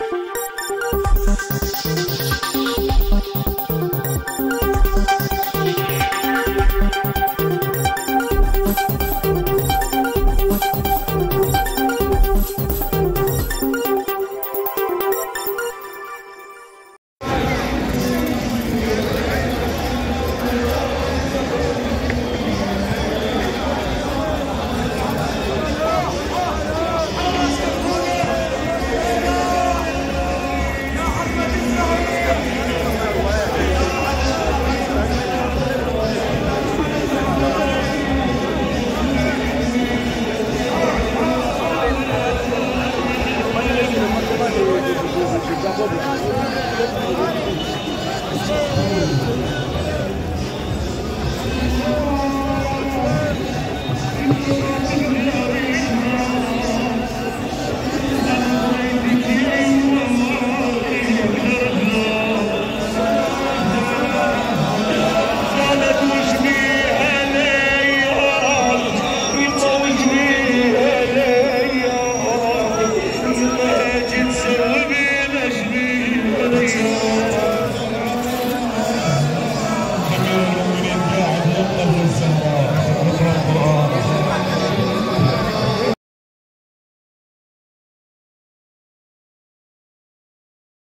Thank you. 네.